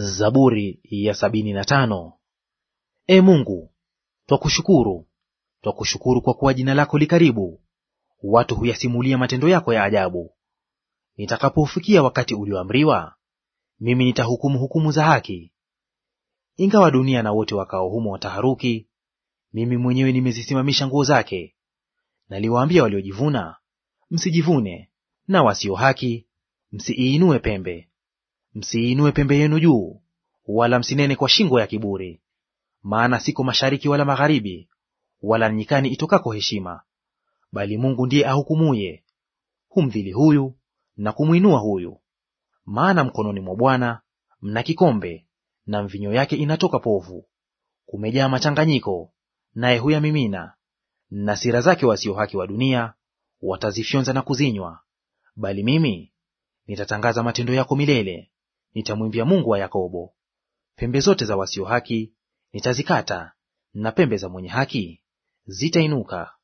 Zaburi ya sabini na tano. E Mungu, twakushukuru, twakushukuru kwa kuwa jina lako likaribu. Watu huyasimulia matendo yako ya ajabu. Nitakapofikia wakati ulioamriwa, mimi nitahukumu hukumu za haki. Ingawa dunia na wote wakao humo wataharuki, mimi mwenyewe nimezisimamisha nguo zake. Naliwaambia waliojivuna, msijivune, na wasio haki, msiiinue pembe. Msiinue pembe yenu juu, wala msinene kwa shingo ya kiburi, maana siko mashariki wala magharibi, wala nyikani itokako heshima, bali Mungu ndiye ahukumuye; humdhili huyu na kumwinua huyu. Maana mkononi mwa Bwana mna kikombe, na mvinyo yake inatoka povu, kumejaa machanganyiko, naye huyamimina. Na sira zake wasio haki wa dunia watazifyonza na kuzinywa, bali mimi nitatangaza matendo yako milele nitamwimbia Mungu wa Yakobo. Pembe zote za wasio haki nitazikata, na pembe za mwenye haki zitainuka.